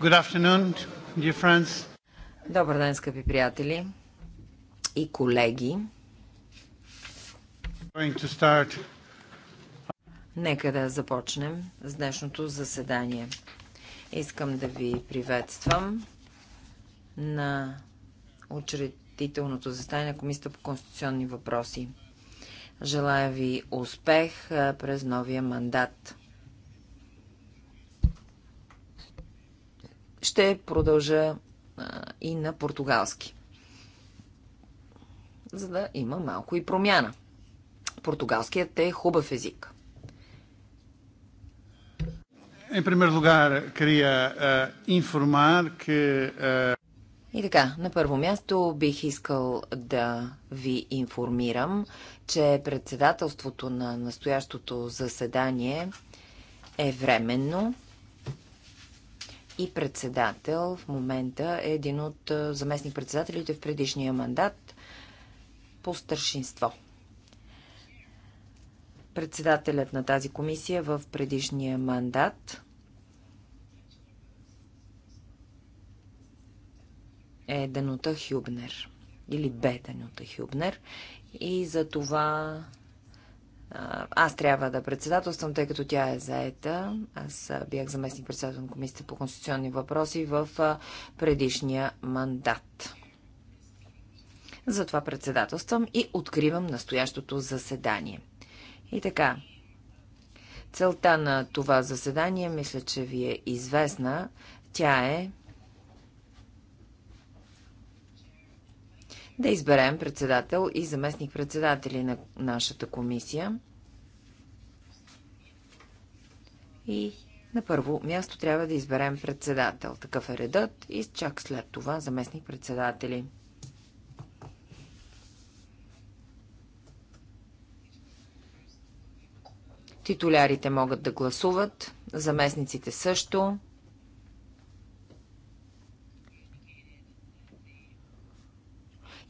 Good afternoon, dear friends. Добър ден, скъпи приятели и колеги. Нека да започнем с днешното заседание. Искам да ви приветствам на учредителното заседание на Комисията по конституционни въпроси. Желая ви успех през новия мандат. ще продължа и на португалски. За да има малко и промяна. Португалският е хубав език. Em primeiro lugar, queria uh, informar que. Uh... И така, на първо място бих искал да ви информирам, че председателството на настоящото заседание е временно и председател в момента е един от заместник-председателите в предишния мандат по старшинство. Председателят на тази комисия в предишния мандат е Данута Хюбнер или бе Данута Хюбнер и за това аз трябва да председателствам, тъй като тя е заета. Аз бях заместник председател на Комисията по конституционни въпроси в предишния мандат. Затова председателствам и откривам настоящото заседание. И така, целта на това заседание мисля, че ви е известна. Тя е да изберем председател и заместник-председатели на нашата комисия. И на първо място трябва да изберем председател. Такъв е редът и чак след това заместник-председатели. Титулярите могат да гласуват, заместниците също.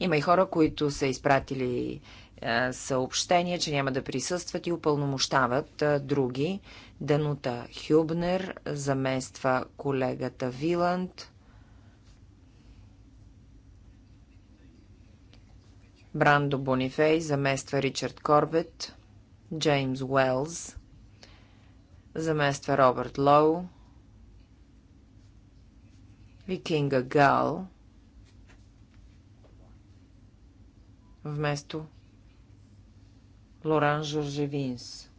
Има и хора, които са изпратили е, съобщения, че няма да присъстват и упълномощават е, други. Данута Хюбнер замества колегата Виланд. Брандо Бонифей замества Ричард Корбет. Джеймс Уелс замества Робърт Лоу. Викинга Гал – вместо Лоран Жоржевинс.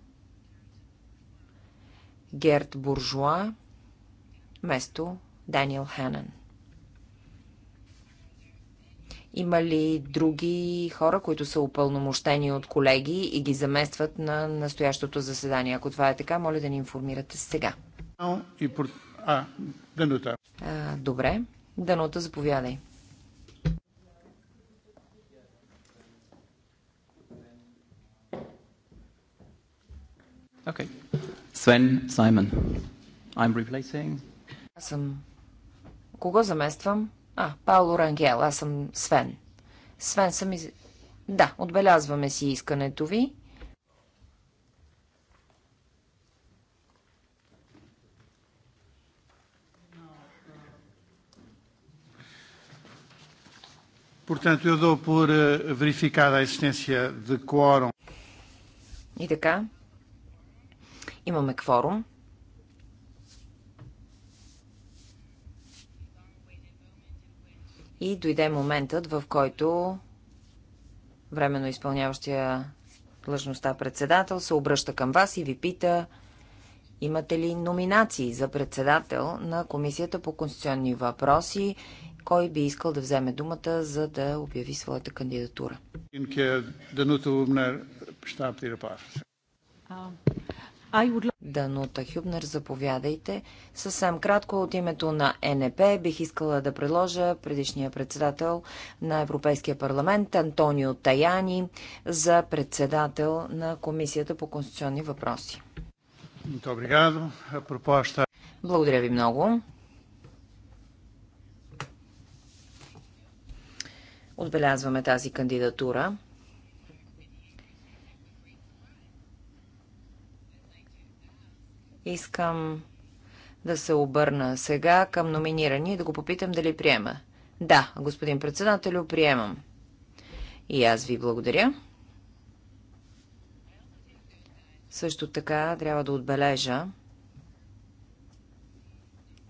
Герт Буржуа вместо Даниел Ханен. Има ли други хора, които са упълномощени от колеги и ги заместват на настоящото заседание? Ако това е така, моля да ни информирате сега. А, Данута. Добре. Данута, заповядай. Okay. Sven Simon. I'm replacing. Аз съм... Кого замествам? А, Пауло Рангел. Аз съм Свен. Свен съм из... Да, отбелязваме си искането ви. Portanto, eu dou por verificada a existência de quórum. E de cá? Имаме кворум. И дойде моментът, в който временно изпълняващия длъжността председател се обръща към вас и ви пита имате ли номинации за председател на Комисията по конституционни въпроси, кой би искал да вземе думата, за да обяви своята кандидатура. Данута Хюбнер, заповядайте. Съвсем кратко от името на НП бих искала да предложа предишния председател на Европейския парламент Антонио Таяни за председател на Комисията по конституционни въпроси. Благодаря ви много. Отбелязваме тази кандидатура. Искам да се обърна сега към номинирани и да го попитам дали приема. Да, господин председателю, приемам. И аз ви благодаря. Също така трябва да отбележа,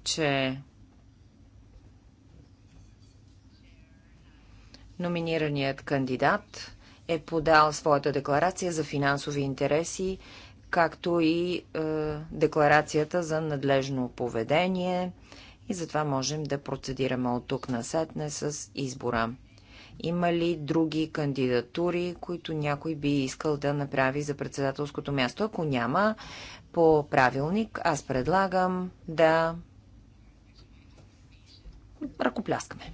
че номинираният кандидат е подал своята декларация за финансови интереси както и е, декларацията за надлежно поведение и затова можем да процедираме от тук на сетне с избора. Има ли други кандидатури, които някой би искал да направи за председателското място? Ако няма, по правилник аз предлагам да ръкопляскаме.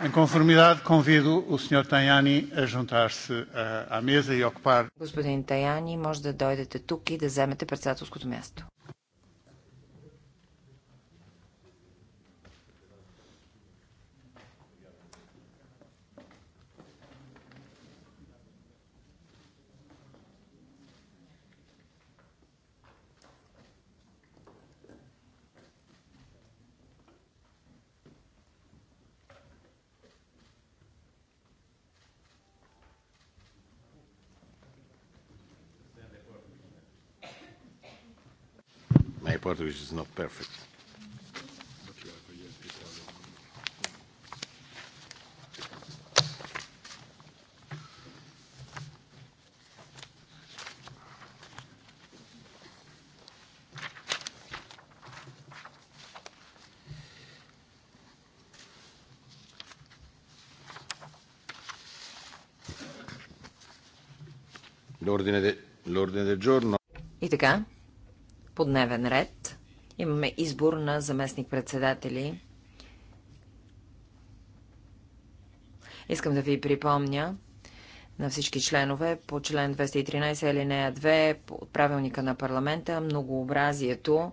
Em conformidade, convido o Sr. Tajani a juntar-se eh, à mesa и e ocupar. Господин Таяни, може да дойдете тук и да вземете председателското място. report which is not perfect. giorno. И така, по дневен ред. Имаме избор на заместник-председатели. Искам да ви припомня на всички членове по член 213 алинея 2 от правилника на парламента многообразието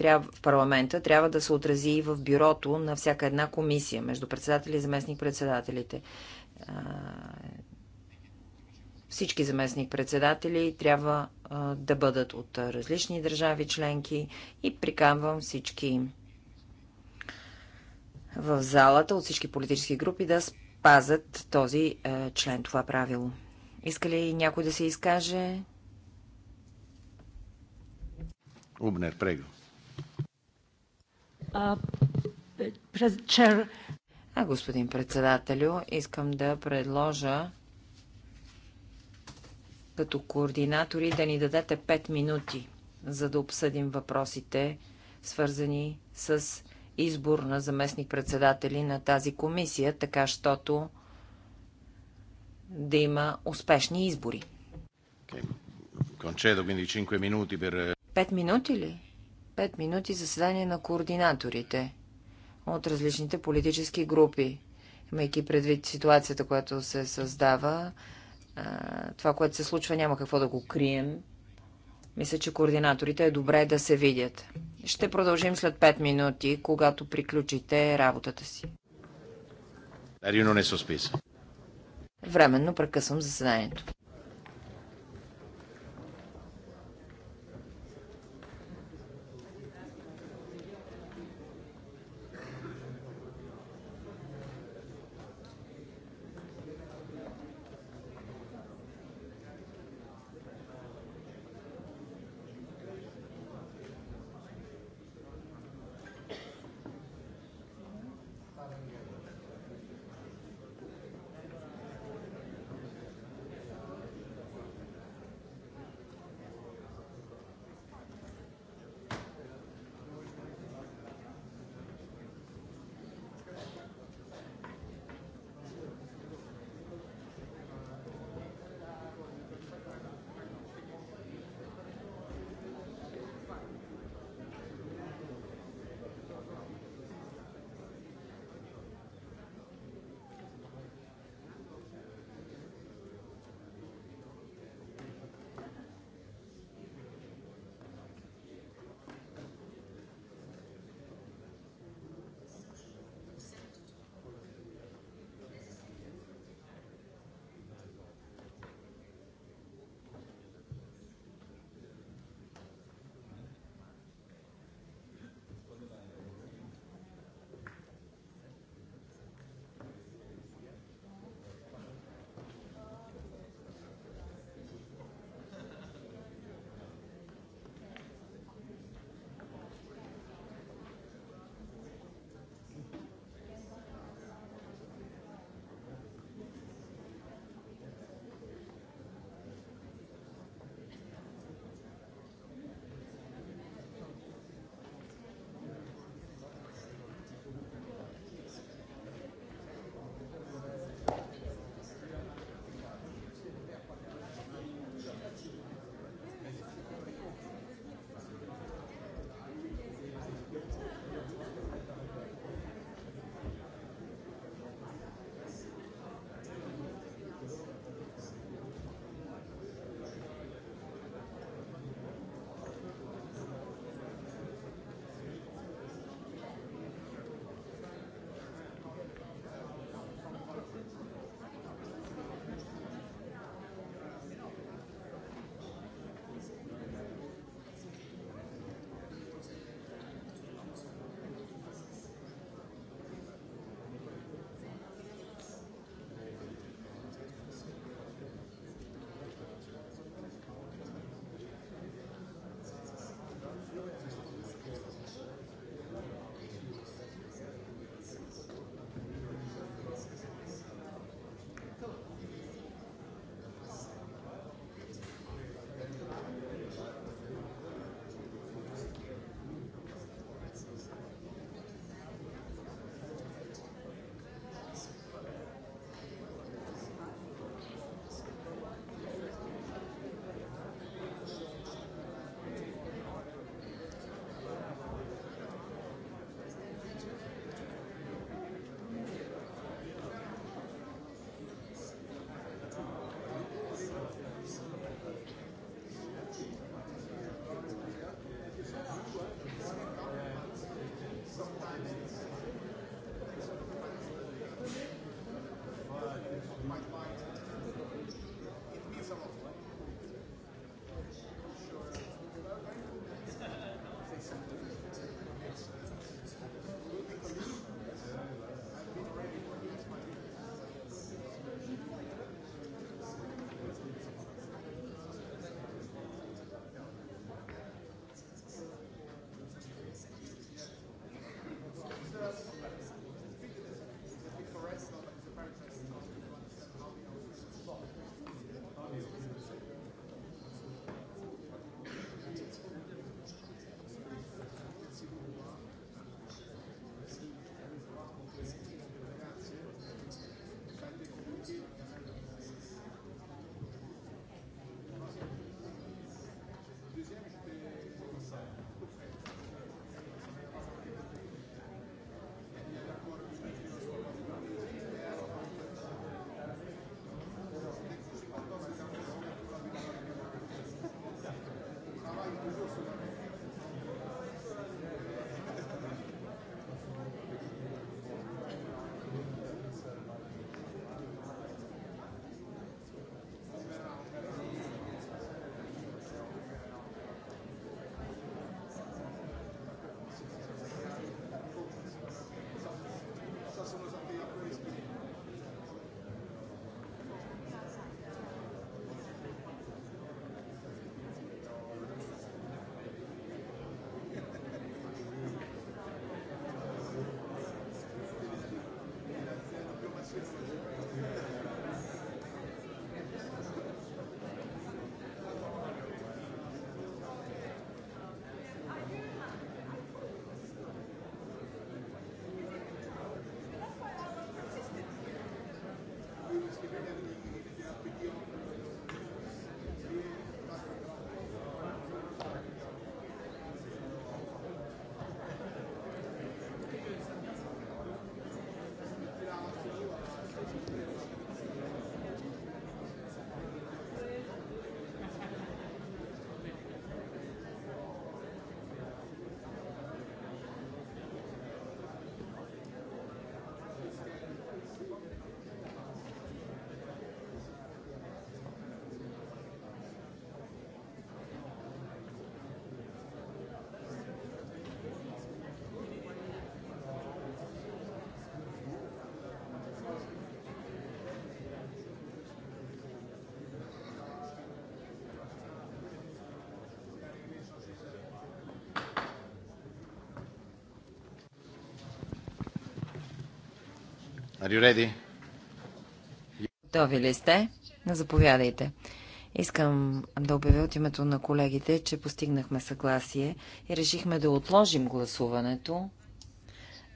в парламента трябва да се отрази и в бюрото на всяка една комисия между председатели и заместник-председателите. Всички заместник-председатели трябва да бъдат от различни държави членки и приканвам всички в залата от всички политически групи да спазят този а, член, това правило. Иска ли някой да се изкаже? Убнер, прего. а, господин председателю, искам да предложа като координатори да ни дадете 5 минути, за да обсъдим въпросите, свързани с избор на заместник-председатели на тази комисия, така щото да има успешни избори. Е, пет 5 минути минути ли? Пет минути заседание на координаторите от различните политически групи. Имайки предвид ситуацията, която се създава, това, което се случва, няма какво да го крием. Мисля, че координаторите е добре да се видят. Ще продължим след 5 минути, когато приключите работата си. Временно прекъсвам заседанието. Готови ли сте? Заповядайте. Искам да обявя от името на колегите, че постигнахме съгласие и решихме да отложим гласуването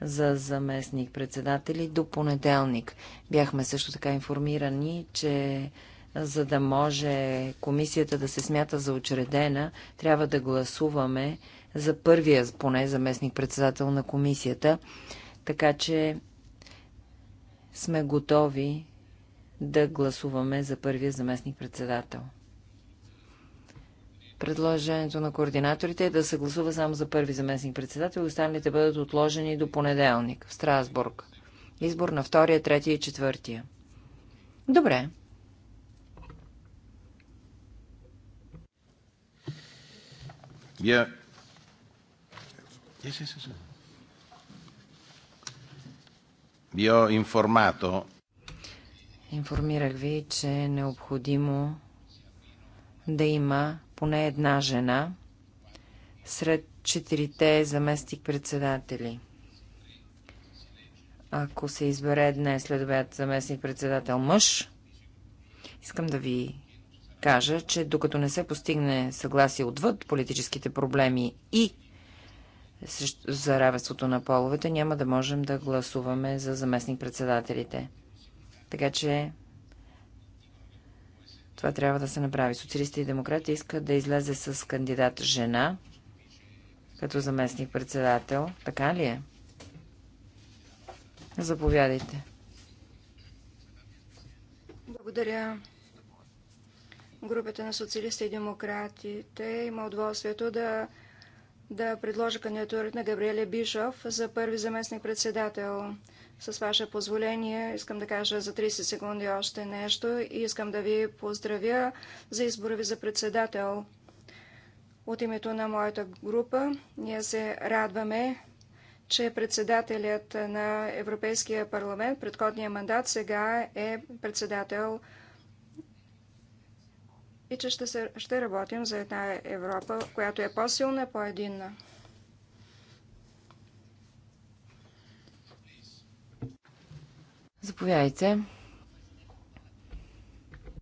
за заместник председатели до понеделник. Бяхме също така информирани, че за да може комисията да се смята за очредена, трябва да гласуваме за първия поне заместник председател на комисията. Така че сме готови да гласуваме за първия заместник-председател. Предложението на координаторите е да се гласува само за първи заместник-председател и останалите бъдат отложени до понеделник в Страсбург. Избор на втория, третия и четвъртия. Добре. Yeah. Yes, yes, yes. Ви ho информато. Информирах ви, че е необходимо да има поне една жена сред четирите заместник-председатели. Ако се избере днес след обяд заместник-председател мъж, искам да ви кажа, че докато не се постигне съгласие отвъд политическите проблеми и за равенството на половете, няма да можем да гласуваме за заместник-председателите. Така че това трябва да се направи. Социалисти и демократи искат да излезе с кандидат жена като заместник-председател. Така ли е? Заповядайте. Благодаря. Групата на социалисти и демократите има удоволствието да да предложа кандидатурата на Габриеля Бишов за първи заместник-председател. С ваше позволение искам да кажа за 30 секунди още нещо и искам да ви поздравя за избора ви за председател. От името на моята група ние се радваме, че председателят на Европейския парламент, предходния мандат, сега е председател на и че ще, се, ще работим за една Европа, която е по-силна, по-единна. Заповядайте.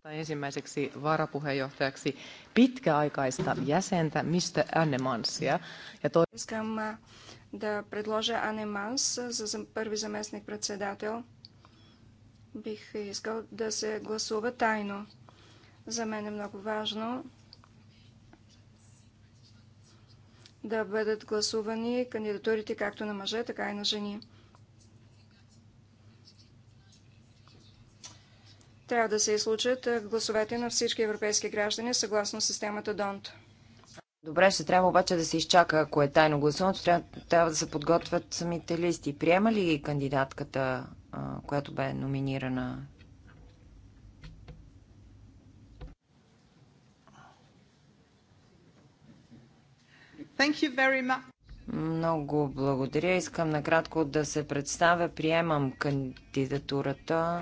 Ensimmäiseksi varapuheenjohtajaksi pitkäaikaista jäsentä Anne Mansia. Ja to... Искам да предложа Манс за първи заместник председател. Бих искал да се гласува тайно. За мен е много важно да бъдат гласувани кандидатурите както на мъже, така и на жени. Трябва да се излучат гласовете на всички европейски граждани съгласно системата ДОНТ. Добре, ще трябва обаче да се изчака, ако е тайно гласуването, трябва, трябва да се подготвят самите листи. Приема ли кандидатката, която бе номинирана Много благодаря. Искам накратко да се представя. Приемам кандидатурата.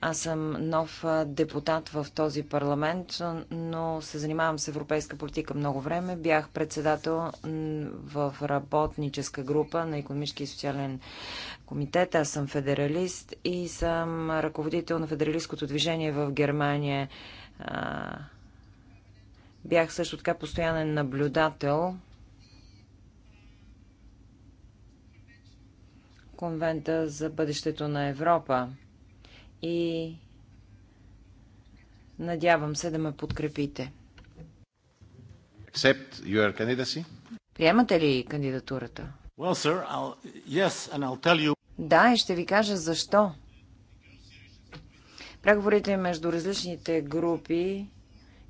Аз съм нов депутат в този парламент, но се занимавам с европейска политика много време. Бях председател в работническа група на економически и социален комитет. Аз съм федералист и съм ръководител на федералистското движение в Германия Бях също така постоянен наблюдател конвента за бъдещето на Европа и надявам се да ме подкрепите. Приемате ли кандидатурата? Well, sir, I'll... Yes, and I'll tell you... Да, и ще ви кажа защо. Преговорите между различните групи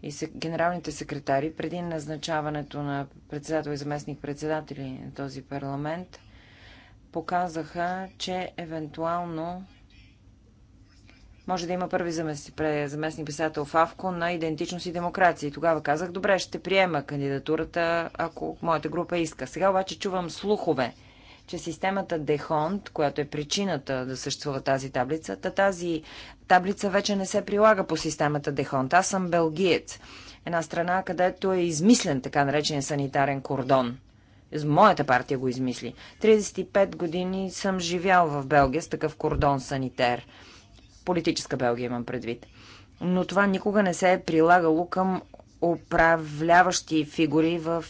и генералните секретари преди назначаването на председател и заместник председатели на този парламент показаха, че евентуално може да има първи заместник председател в АВКО на идентичност и демокрация. И тогава казах, добре, ще приема кандидатурата, ако моята група иска. Сега обаче чувам слухове че системата Дехонт, която е причината да съществува тази таблица, та тази таблица вече не се прилага по системата Дехонт. Аз съм белгиец. Една страна, където е измислен така наречен санитарен кордон. Моята партия го измисли. 35 години съм живял в Белгия с такъв кордон санитер. Политическа Белгия имам предвид. Но това никога не се е прилагало към управляващи фигури в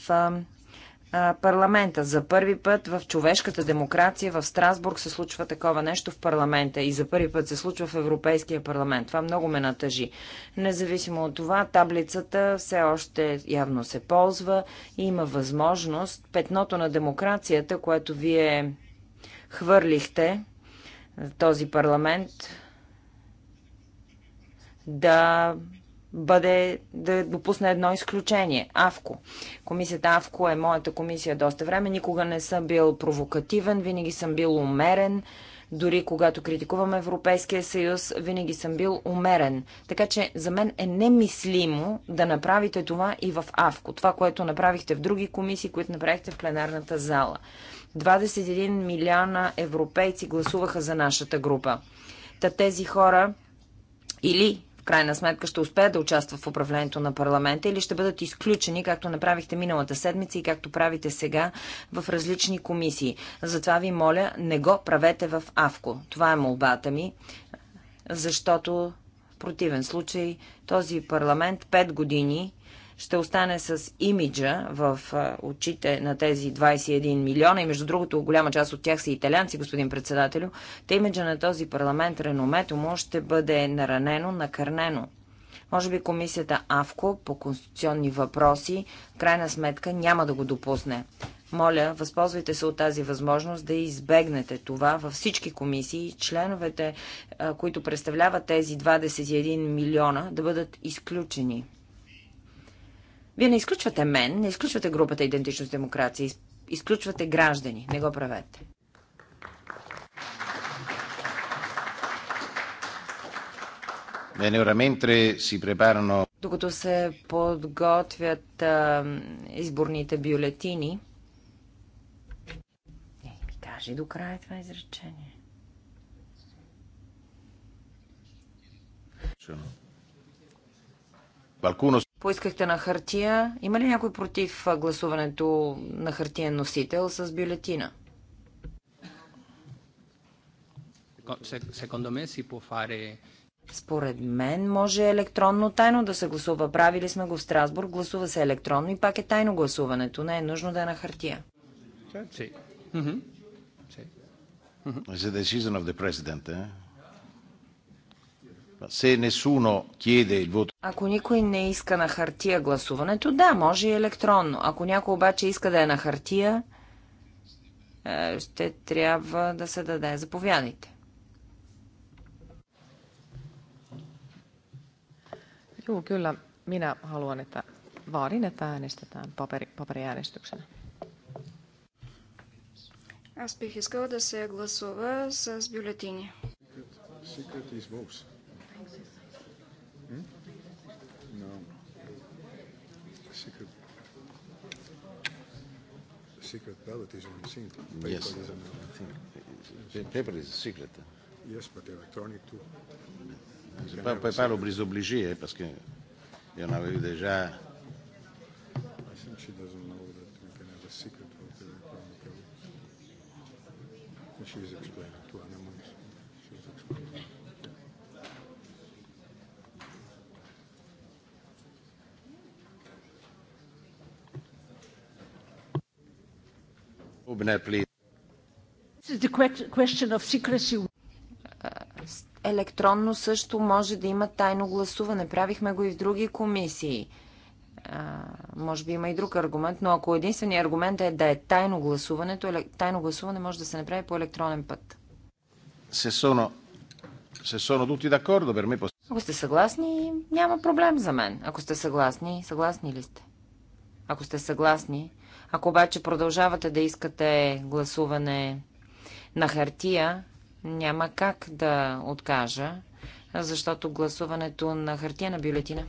парламента. За първи път в човешката демокрация в Страсбург се случва такова нещо в парламента и за първи път се случва в Европейския парламент. Това много ме натъжи. Независимо от това, таблицата все още явно се ползва и има възможност петното на демокрацията, което вие хвърлихте този парламент да бъде да допусне едно изключение. Авко. Комисията Авко е моята комисия доста време. Никога не съм бил провокативен, винаги съм бил умерен. Дори когато критикувам Европейския съюз, винаги съм бил умерен. Така че за мен е немислимо да направите това и в Авко. Това, което направихте в други комисии, които направихте в пленарната зала. 21 милиона европейци гласуваха за нашата група. Та тези хора или крайна сметка ще успеят да участват в управлението на парламента или ще бъдат изключени, както направихте миналата седмица и както правите сега в различни комисии. Затова ви моля, не го правете в АВКО. Това е молбата ми, защото в противен случай този парламент 5 години ще остане с имиджа в очите на тези 21 милиона и между другото голяма част от тях са италианци, господин председателю, те имиджа на този парламент, реномето му ще бъде наранено, накърнено. Може би комисията АВКО по конституционни въпроси, крайна сметка, няма да го допусне. Моля, възползвайте се от тази възможност да избегнете това във всички комисии, членовете, които представляват тези 21 милиона, да бъдат изключени. Вие не изключвате мен, не изключвате групата Идентичност демокрация, изключвате граждани. Не го правете. Докато се подготвят а, изборните бюлетини... Не, ми кажи до края това изречение. Sure. Поискахте на хартия. Има ли някой против гласуването на хартиен носител с бюлетина? Според мен може електронно тайно да се гласува. Правили сме го в Страсбург, гласува се електронно и пак е тайно гласуването. Не е нужно да е на хартия. It's a decision of the president, eh? Ако никой не иска на хартия гласуването, да, може и електронно. Ако някой обаче иска да е на хартия, е, ще трябва да се даде. Заповядайте. Juu, kyllä. Minä haluan, että vaadin, että äänestetään paperi, paperiäänestyksenä. Аз бих искала да се гласува с бюлетини. No. Secret ballot is on the same. Paper yes. is on the same. Paper is secret. Yes, but electronic too. Je pas, pas, pas l'oblige obligée, parce que y en avait eu déjà. I think she doesn't know that we can have a secret vote electronically. She is explaining to us. Е, електронно също може да има тайно гласуване. Правихме го и в други комисии. А, е, може би има и друг аргумент, но ако единственият аргумент е да е тайно то тайно гласуване може да се направи по електронен път. Се sono се sono tutti d'accordo, per me Ако сте съгласни, няма проблем за мен. Ако сте съгласни, съгласни ли сте? Ако сте съгласни, ако обаче продължавате да искате гласуване на хартия, няма как да откажа, защото гласуването на хартия на бюлетина.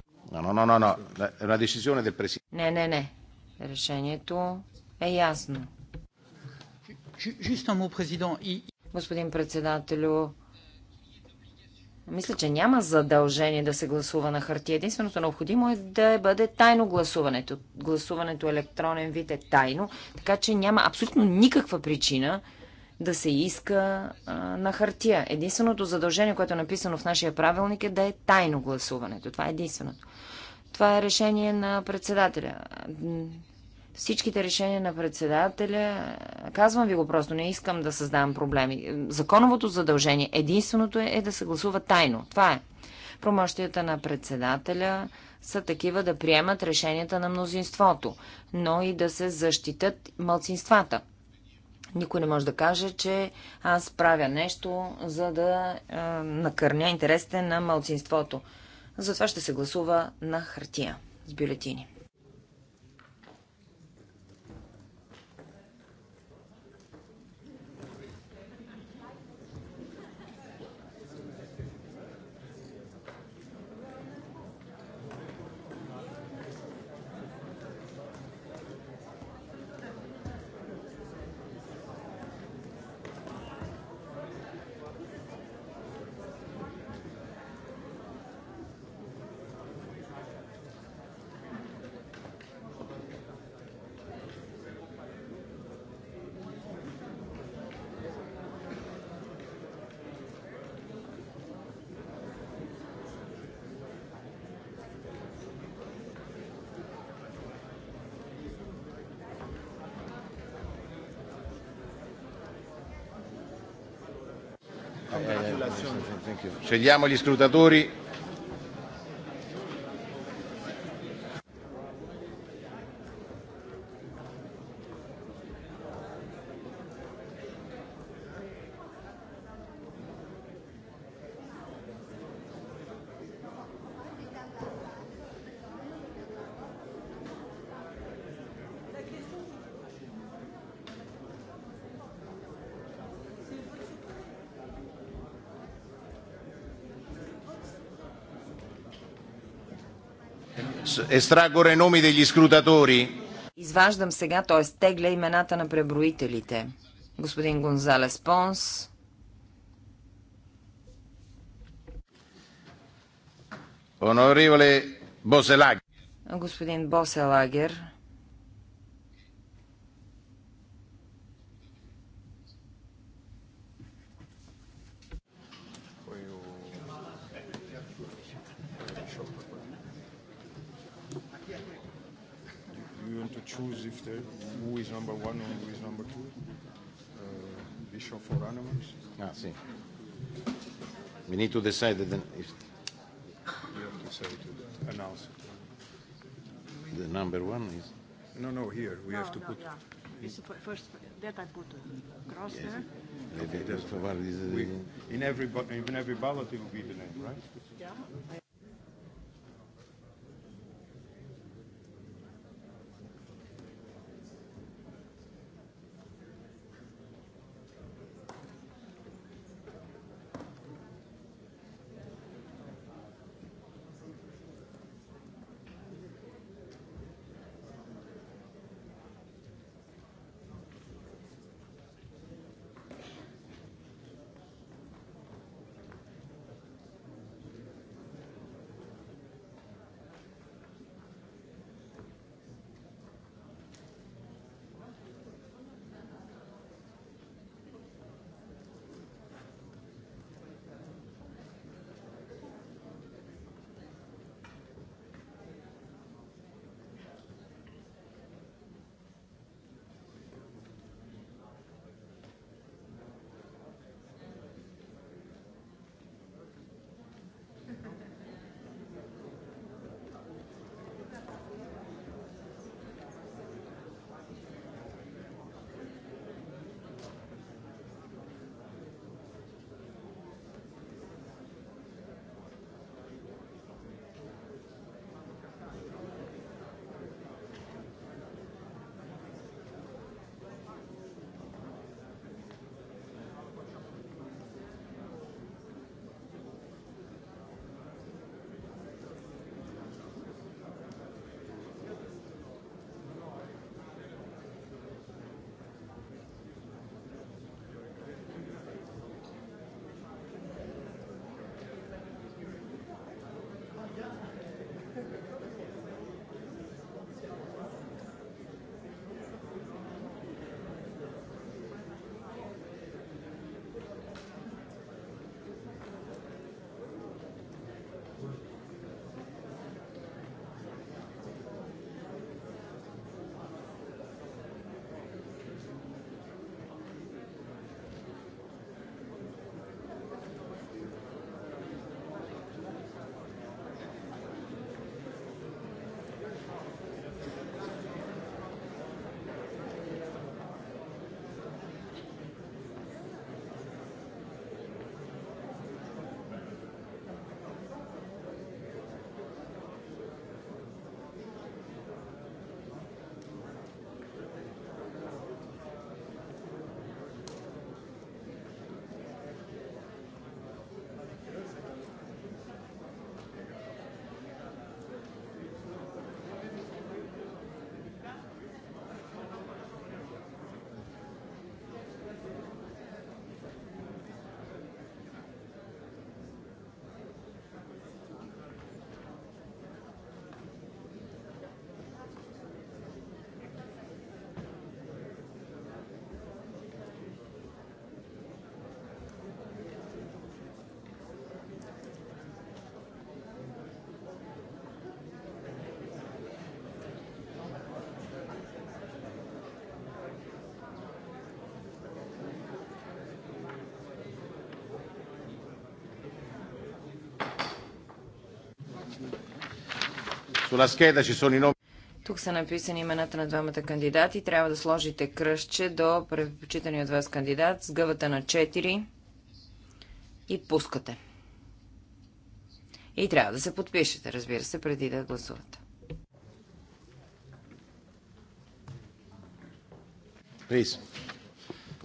Не, не, не. Решението е ясно. Господин председателю, мисля, че няма задължение да се гласува на хартия. Единственото необходимо е да бъде тайно гласуването. Гласуването електронен вид е тайно, така че няма абсолютно никаква причина да се иска а, на хартия. Единственото задължение, което е написано в нашия правилник е да е тайно гласуването. Това е единственото. Това е решение на председателя всичките решения на председателя, казвам ви го просто, не искам да създавам проблеми. Законовото задължение, единственото е, е да се гласува тайно. Това е. Промощията на председателя са такива да приемат решенията на мнозинството, но и да се защитат мълцинствата. Никой не може да каже, че аз правя нещо, за да е, накърня интересите на мълцинството. Затова ще се гласува на хартия с бюлетини. votazione. scegliamo gli scrutatori Естрагоре номи дели скрутатори. Изваждам сега, т.е. тегля имената на преброителите. Господин Гонзалес Понс. Оноривале Боселагер. Господин Боселагер. choose if the, who is number one and who is number two? Uh, bishop for animals? Ah, sì. We need to decide that then if... You have to say to announce it. The number one is... No, no, here. We no, have to no, put... Yeah. first that I put across yes. there. Okay, in every in every ballot it will be the name, right? Yeah. Sulla scheda ci sono i nomi. Тук са написани имената на двамата кандидати. Трябва да сложите кръщче до предпочитания от вас кандидат с гъвата на 4 и пускате. И трябва да се подпишете, разбира се, преди да гласувате.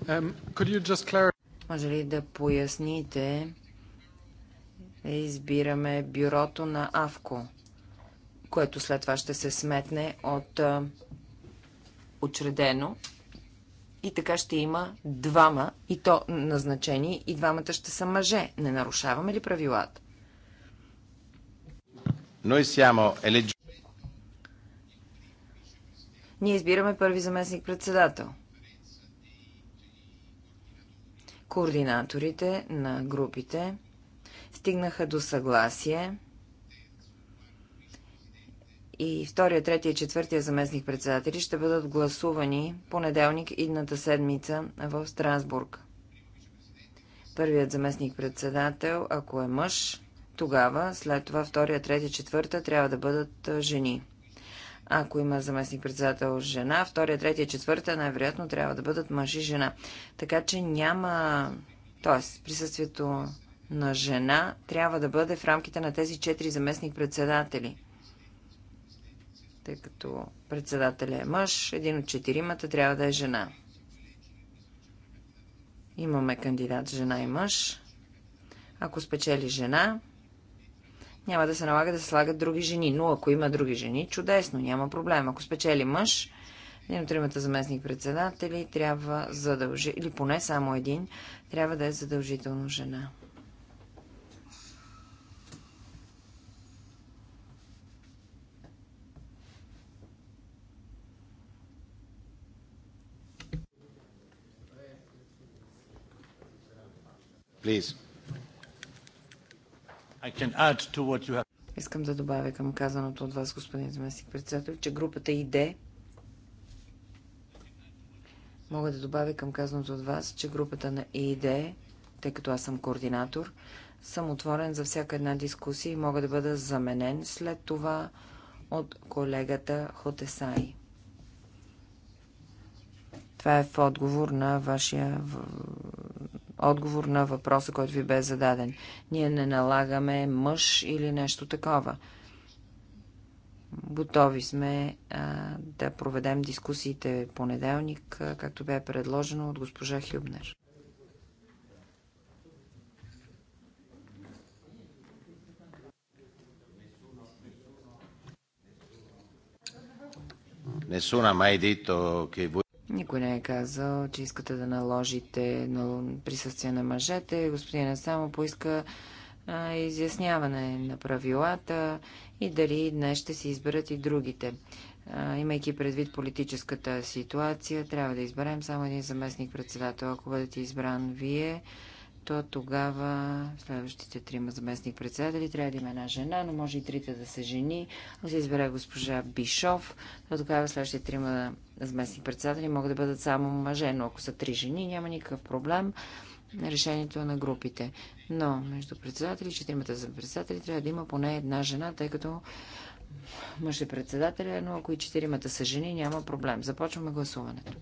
Um, Може ли да поясните да избираме бюрото на АВКО? което след това ще се сметне от а, учредено. И така ще има двама, и то назначени, и двамата ще са мъже. Не нарушаваме ли правилата? Ние избираме първи заместник председател. Координаторите на групите стигнаха до съгласие и втория, третия и четвъртия заместник председатели ще бъдат гласувани понеделник идната седмица в Страсбург. Първият заместник председател, ако е мъж, тогава, след това втория, третия, четвърта трябва да бъдат жени. Ако има заместник председател жена, втория, третия, четвърта най-вероятно трябва да бъдат мъж и жена. Така че няма... Тоест, присъствието на жена трябва да бъде в рамките на тези четири заместник председатели – тъй като председателя е мъж, един от четиримата трябва да е жена. Имаме кандидат жена и мъж. Ако спечели жена, няма да се налага да се слагат други жени. Но ако има други жени, чудесно, няма проблем. Ако спечели мъж, един от тримата заместник председатели трябва задължи, или поне само един, трябва да е задължително жена. Please. I can add to what you have... Искам да добавя към казаното от вас, господин заместник председател, че групата ИДЕ Мога да добавя към казаното от вас, че групата на ИДЕ, тъй като аз съм координатор, съм отворен за всяка една дискусия и мога да бъда заменен след това от колегата Хотесай. Това е в отговор на вашия отговор на въпроса, който ви бе зададен. Ние не налагаме мъж или нещо такова. Готови сме а, да проведем дискусиите понеделник, а, както бе предложено от госпожа Хюбнер. Nessuno ha mai detto che voi... Никой не е казал, че искате да наложите на присъствие на мъжете. Господин само поиска а, изясняване на правилата и дали днес ще се изберат и другите. А, имайки предвид политическата ситуация, трябва да изберем само един заместник председател. Ако бъдете избран вие, то тогава следващите трима заместник председатели трябва да има една жена, но може и трите да са жени. Но се избере госпожа Бишов, то тогава следващите трима заместник председатели могат да бъдат само мъже, но ако са три жени, няма никакъв проблем решението на групите. Но между председатели, четиримата за председатели трябва да има поне една жена, тъй като мъж е председателя, но ако и четиримата са жени, няма проблем. Започваме гласуването.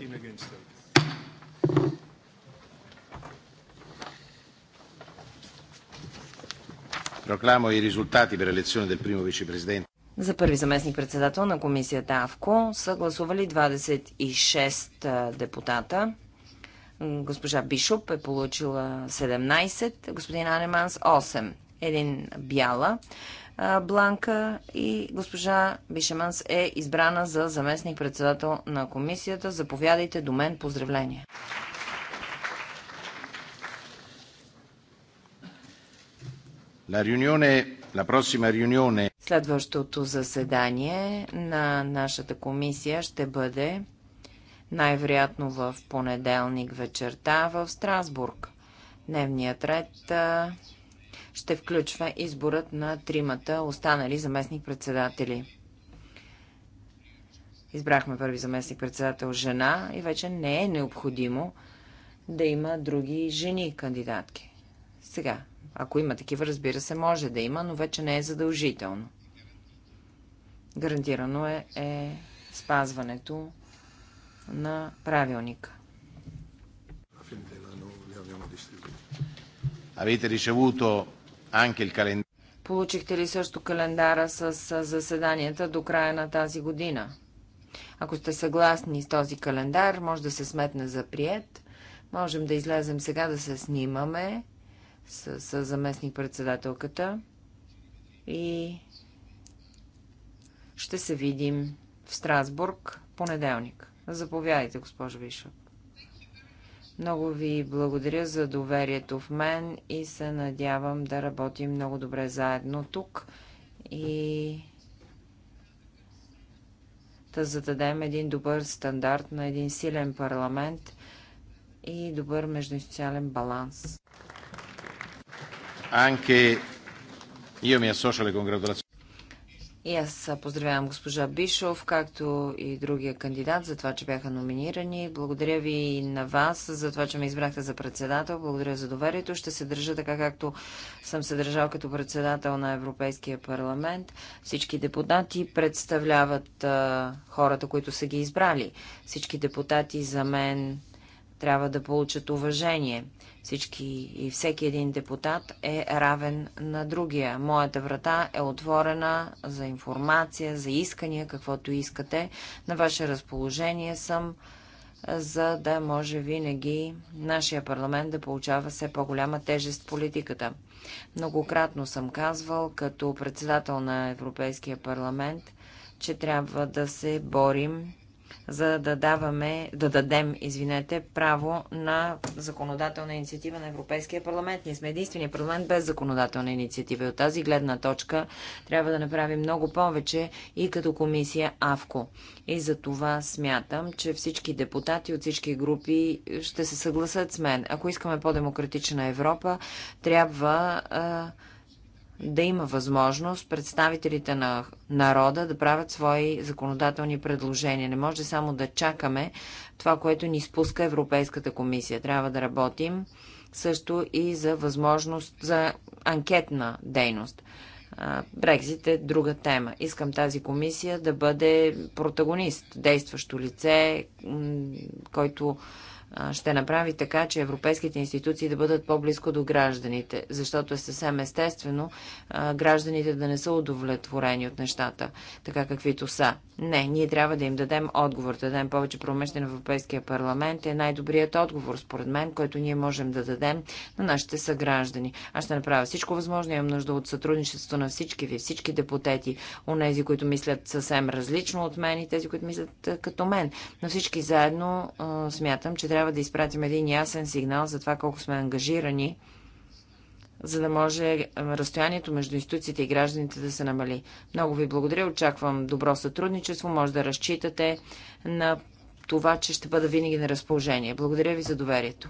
team against them. Proclamo i risultati per l'elezione del primo vicepresidente. За първи заместник председател на комисията АВКО са гласували 26 депутата. Госпожа Бишоп е получила 17, господин Анеманс 8, един бяла. Бланка и госпожа Бишеманс е избрана за заместник-председател на комисията. Заповядайте до мен. Поздравления! Следващото заседание на нашата комисия ще бъде най-вероятно в понеделник вечерта в Страсбург. Дневният ред ще включва изборът на тримата останали заместник-председатели. Избрахме първи заместник-председател жена и вече не е необходимо да има други жени кандидатки. Сега, ако има такива, разбира се, може да има, но вече не е задължително. Гарантирано е, е спазването на правилника. Avete ricevuto anche il calendario? Получихте ли също календара с заседанията до края на тази година? Ако сте съгласни с този календар, може да се сметне за прият. Можем да излезем сега да се снимаме с, с заместник-председателката и ще се видим в Страсбург понеделник. Заповядайте, госпожо Вишоп. Много ви благодаря за доверието в мен и се надявам да работим много добре заедно тук и да зададем един добър стандарт на един силен парламент и добър междуинституционален баланс. Anche io e mi associo alle congratulazioni. И аз поздравявам госпожа Бишов, както и другия кандидат, за това, че бяха номинирани. Благодаря ви и на вас, за това, че ме избрахте за председател. Благодаря за доверието. Ще се държа така, както съм се държал като председател на Европейския парламент. Всички депутати представляват а, хората, които са ги избрали. Всички депутати за мен трябва да получат уважение. Всички и всеки един депутат е равен на другия. Моята врата е отворена за информация, за искания, каквото искате. На ваше разположение съм за да може винаги нашия парламент да получава все по-голяма тежест в политиката. Многократно съм казвал, като председател на Европейския парламент, че трябва да се борим за да даваме, да дадем, извинете, право на законодателна инициатива на Европейския парламент. Ние сме единствения парламент без законодателна инициатива. И от тази гледна точка трябва да направим много повече и като комисия АВКО. И за това смятам, че всички депутати от всички групи ще се съгласат с мен. Ако искаме по-демократична Европа, трябва да има възможност представителите на народа да правят свои законодателни предложения. Не може само да чакаме това, което ни спуска Европейската комисия. Трябва да работим също и за възможност за анкетна дейност. Брекзит е друга тема. Искам тази комисия да бъде протагонист, действащо лице, който ще направи така, че европейските институции да бъдат по-близко до гражданите, защото е съвсем естествено гражданите да не са удовлетворени от нещата, така каквито са. Не, ние трябва да им дадем отговор, да дадем повече промещане в Европейския парламент е най-добрият отговор, според мен, който ние можем да дадем на нашите съграждани. Аз ще направя всичко възможно, имам нужда от сътрудничество на всички ви, всички депутети, нези, които мислят съвсем различно от мен и тези, които мислят като мен. На всички заедно смятам, че трябва трябва да изпратим един ясен сигнал за това колко сме ангажирани, за да може е, разстоянието между институциите и гражданите да се намали. Много ви благодаря, очаквам добро сътрудничество, може да разчитате на това, че ще бъда винаги на разположение. Благодаря ви за доверието.